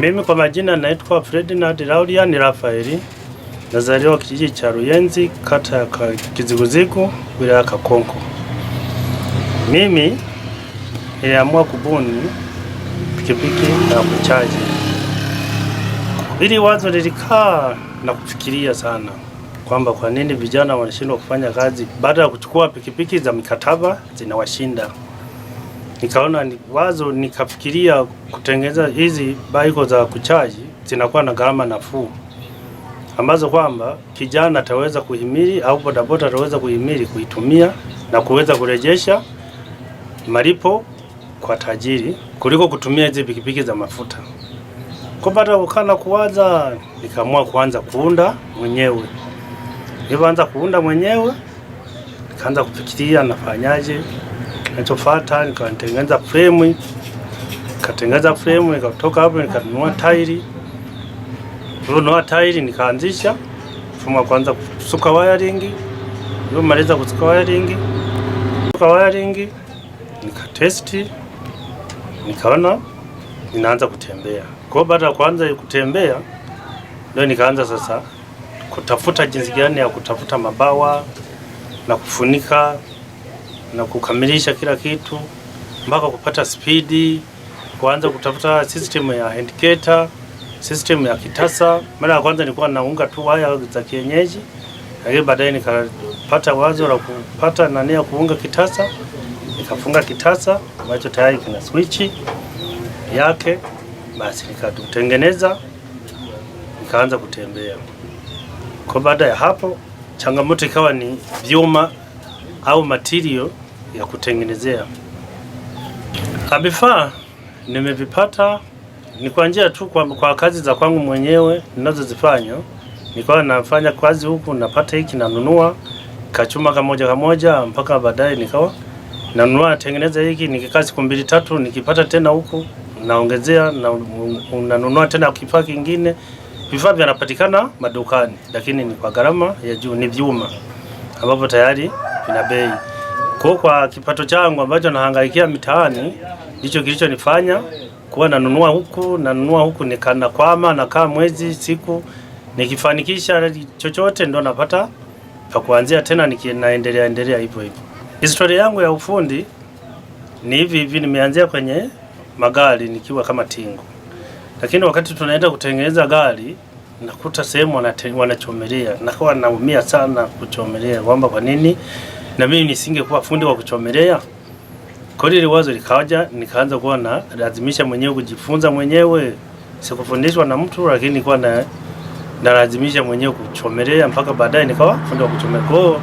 Mimi kwa majina naitwa Fredinand Laurian Rafaeli, nazaliwa kijiji cha Ruyenzi, kata ya Kiziguzigu, wilaya ya Kakonko. Mimi niliamua kubuni pikipiki na kuchaji. Hili wazo lilikaa na kufikiria sana kwamba kwa nini vijana wanashindwa kufanya kazi baada ya kuchukua pikipiki za mikataba zinawashinda. Nikaona ni wazo, nikafikiria kutengeneza hizi baiko za kuchaji zinakuwa na gharama nafuu ambazo kwamba kijana ataweza kuhimili au bodaboda ataweza kuhimili kuitumia na kuweza kurejesha malipo kwa tajiri kuliko kutumia hizi pikipiki za mafuta. Kwa baada ukana kuwaza, nikaamua kuanza kuunda mwenyewe. Nilianza kuunda mwenyewe, nikaanza kufikiria nafanyaje, nachofuata, nikatengeneza frame, nikatengeneza frame, nikatoka hapo nikanunua tairi. Niliponunua tairi nikaanzisha kufuma kwanza kusuka wiring. Nilipomaliza kusuka wiring, kusuka wiring nikatesti nikaona ninaanza kutembea. Kwa baada ya kuanza kutembea ndio nikaanza sasa kutafuta jinsi gani ya kutafuta mabawa na kufunika na kukamilisha kila kitu mpaka kupata spidi, kuanza kutafuta system ya indicator, system ya kitasa. Mara ya kwanza nilikuwa naunga tu waya za kienyeji, lakini baadaye nikapata wazo la kupata nani ya kuunga kitasa nikafunga kitasa ambacho tayari kina switch yake, basi nikatutengeneza nikaanza kutembea. Kwa baada ya hapo, changamoto ikawa ni vyuma au material ya kutengenezea vifaa. Nimevipata ni kwa njia tu kwa, kwa kazi za kwangu mwenyewe ninazozifanya, nikawa nafanya kazi huku napata hiki nanunua kachuma kamoja kamoja mpaka baadaye nikawa nanunua natengeneza hiki, nikikaa siku mbili tatu, nikipata tena huku naongezea na unanunua tena kifaa kingine. Vifaa vinapatikana madukani, lakini ni kwa gharama ya juu, ni vyuma ambavyo tayari vina bei. Kwa kwa kipato changu ambacho nahangaikia mitaani, ndicho kilichonifanya kuwa nanunua huku nanunua huku, nikana nikanakwama nakaa mwezi siku, nikifanikisha chochote ndo napata pa kuanzia tena, nikinaendelea endelea hivyo hivyo. Historia yangu ya ufundi ni hivi hivi, nimeanzia kwenye magari nikiwa kama tingo, lakini wakati tunaenda kutengeneza gari nakuta sehemu wanachomelea, nakuwa naumia sana kuchomelea, kwamba kwa nini na mimi nisingekuwa fundi wa kuchomelea. Kwa hiyo wazo likaja, nikaanza kuwa na lazimisha mwenyewe kujifunza mwenyewe, sikufundishwa na mtu, lakini nilikuwa na nalazimisha mwenyewe kuchomelea mpaka baadaye nikawa fundi wa kuchomelea. Kwa hiyo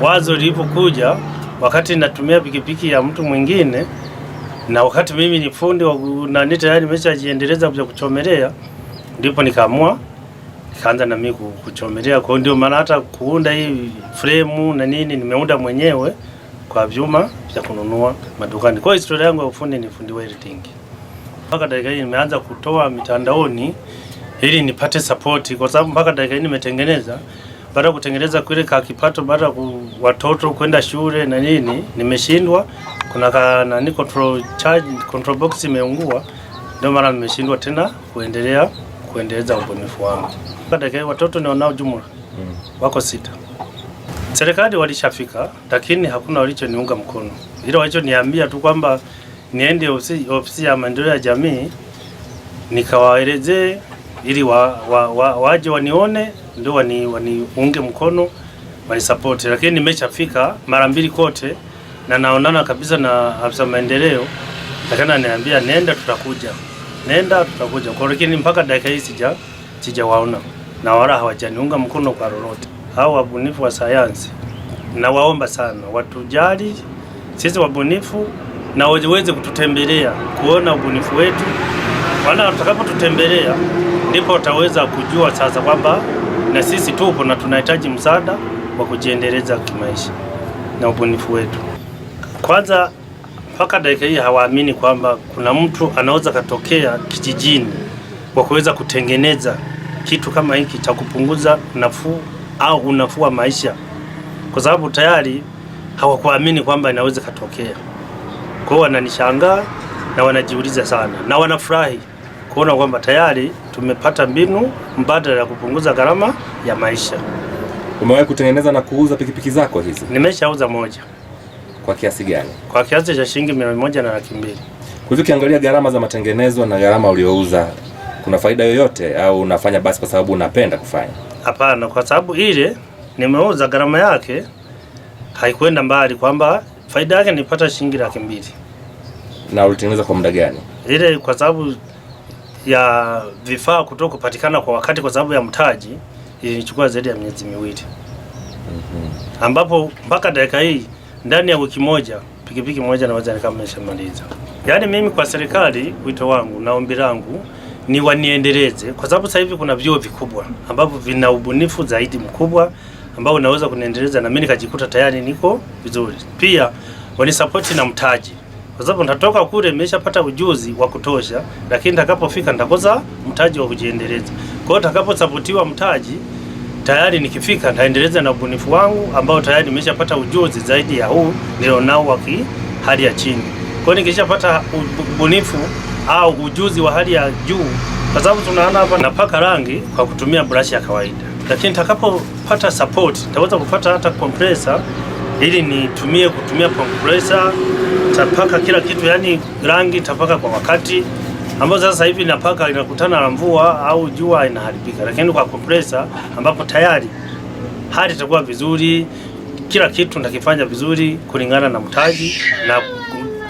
wazo lilipokuja wakati natumia pikipiki ya mtu mwingine, na wakati mimi ni fundi wa nani, tayari nimeshajiendeleza kuja kuchomelea, ndipo nikaamua nikaanza na mimi kuchomelea. Kwa hiyo ndio maana hata kuunda hii fremu na nini nimeunda mwenyewe kwa vyuma vya kununua madukani. Kwa hiyo historia yangu ya ufundi ni fundi welding. Mpaka dakika hii nimeanza kutoa mitandaoni ili nipate support kwa sababu mpaka dakika hii nimetengeneza baada ya kutengeneza kile ka kipato baada ya watoto kwenda shule na nini, nimeshindwa. Kuna ka nani control charge control box imeungua, ndio mara nimeshindwa tena kuendelea kuendeleza ubunifu wangu. Baadaye watoto wanao jumla mm. wako sita. Serikali walishafika, lakini hakuna walichoniunga mkono, ila walichoniambia tu kwamba niende ofisi, ofisi ya maendeleo ya jamii nikawaelezee ili wa, wa, wa, waje wanione ndio wani, waniunge mkono wanisapoti, lakini nimeshafika mara mbili kote na naonana kabisa na afisa maendeleo, lakini ananiambia nenda, tutakuja, nenda, tutakuja kwa, lakini mpaka dakika hii sija sijawaona na wala hawajaniunga mkono kwa lolote. Hao wabunifu wa sayansi nawaomba sana watujali sisi wabunifu na waweze kututembelea kuona ubunifu wetu, wana watakapotutembelea ndipo wataweza kujua sasa kwamba na sisi tupo na tunahitaji msaada wa kujiendeleza kimaisha na ubunifu wetu. Kwanza mpaka dakika hii hawaamini kwamba kuna mtu anaweza katokea kijijini kwa kuweza kutengeneza kitu kama hiki cha kupunguza nafuu au unafuu wa maisha, kwa sababu tayari hawakuamini kwamba inaweza katokea. Kwa hiyo wananishangaa na wanajiuliza sana na wanafurahi kuona kwamba tayari tumepata mbinu mbadala ya kupunguza gharama ya maisha. Umewahi kutengeneza na kuuza pikipiki zako hizi? Nimeshauza moja. Kwa kiasi gani? Kwa kiasi cha shilingi milioni moja na laki mbili. Kwa hivyo ukiangalia gharama za matengenezo na gharama uliouza, kuna faida yoyote au unafanya basi kwa sababu unapenda kufanya? Hapana, kwa sababu ile nimeuza gharama yake haikwenda mbali, kwamba faida yake nipata shilingi laki mbili. Na ulitengeneza kwa muda gani ile? Kwa sababu ya vifaa kutoka kupatikana kwa wakati kwa sababu ya mtaji ilichukua zaidi ya miezi miwili mm -hmm. ambapo mpaka dakika hii ndani ya wiki moja pikipiki moja naweza nikameshamaliza. Yaani mimi kwa serikali, wito wangu na ombi langu ni waniendeleze, kwa sababu sasa hivi kuna vyuo vikubwa ambavyo vina ubunifu zaidi mkubwa ambao unaweza kuniendeleza na mimi nikajikuta tayari niko vizuri. Pia wanisapoti na mtaji kwa sababu natoka kule nimeshapata ujuzi wa kutosha, lakini nitakapofika nitakosa mtaji wa kujiendeleza. Kwa hiyo nitakaposapotiwa mtaji tayari nikifika nitaendeleza na ubunifu wangu ambao tayari nimeshapata ujuzi zaidi ya huu nilionao wa hali ya chini. Kwa hiyo nikishapata ubunifu au ujuzi wa hali ya juu, kwa sababu tunaona hapa napaka rangi kwa kutumia brush ya kawaida, lakini nitakapopata support nitaweza kupata hata compressor ili nitumie kutumia compressor tapaka kila kitu, yani rangi tapaka kwa wakati, ambazo sasa hivi napaka inakutana na mvua au jua inaharibika, lakini kwa compressor ambapo tayari hali itakuwa vizuri, kila kitu nitakifanya vizuri kulingana na mtaji na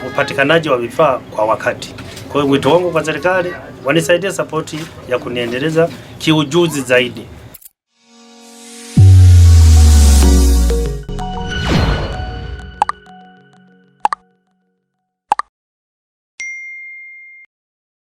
upatikanaji wa vifaa kwa wakati. Kwa hiyo wito wangu kwa serikali wanisaidie sapoti ya kuniendeleza kiujuzi zaidi.